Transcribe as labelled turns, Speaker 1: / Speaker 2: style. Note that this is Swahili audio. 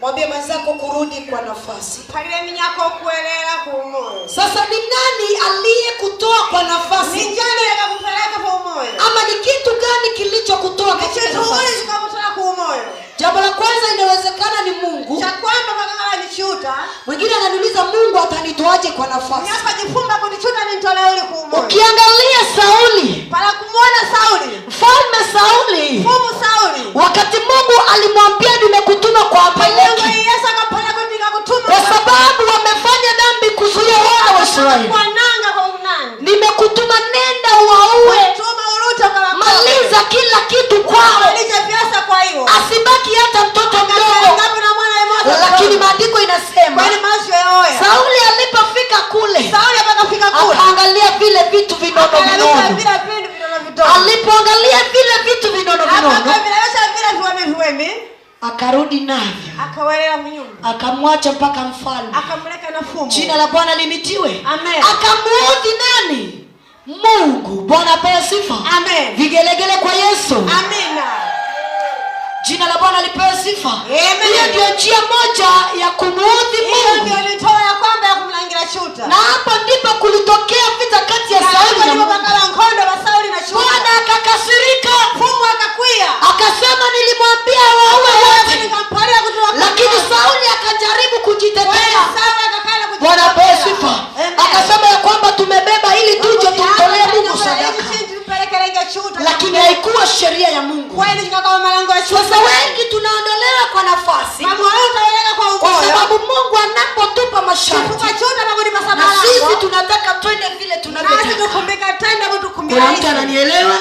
Speaker 1: Mwambie mwenzako kurudi kwa nafasi. Sasa ni nani aliyekutoa kwa nafasi? Ama ni kitu gani kilichokutoa kwa
Speaker 2: nafasi?
Speaker 1: Jambo la kwanza inawezekana ni Mungu. Mwingine ananiuliza Mungu atanitoaje kwa nafasi? Ukiangalia Sauli kila kitu kwao, asibaki hata mtoto mdogo. Lakini maandiko inasema Sauli alipofika kule, akaangalia vile vitu vinono vinono, alipoangalia vile vitu vinono vinono akarudi navyo akamwacha mpaka mfalme. Jina la Bwana limitiwe. Akamuudhi nani? Mungu Bwana apewe sifa. Amen. Vigelegele kwa Yesu.
Speaker 2: Amina.
Speaker 1: Jina la Bwana lipewe sifa. Amen. Hiyo ndio njia moja ya kumuudhi Mungu.
Speaker 2: Hiyo ndio ilitoa ya kwamba ya kumlangira chuta.
Speaker 1: Na lakini haikuwa sheria ya Mungu. Sasa wengi tunaondolewa kwa nafasi, kwa sababu Mungu anapotupa masharti na sisi tunataka twende vile
Speaker 2: tunavyotaka.
Speaker 1: Kuna mtu ananielewa?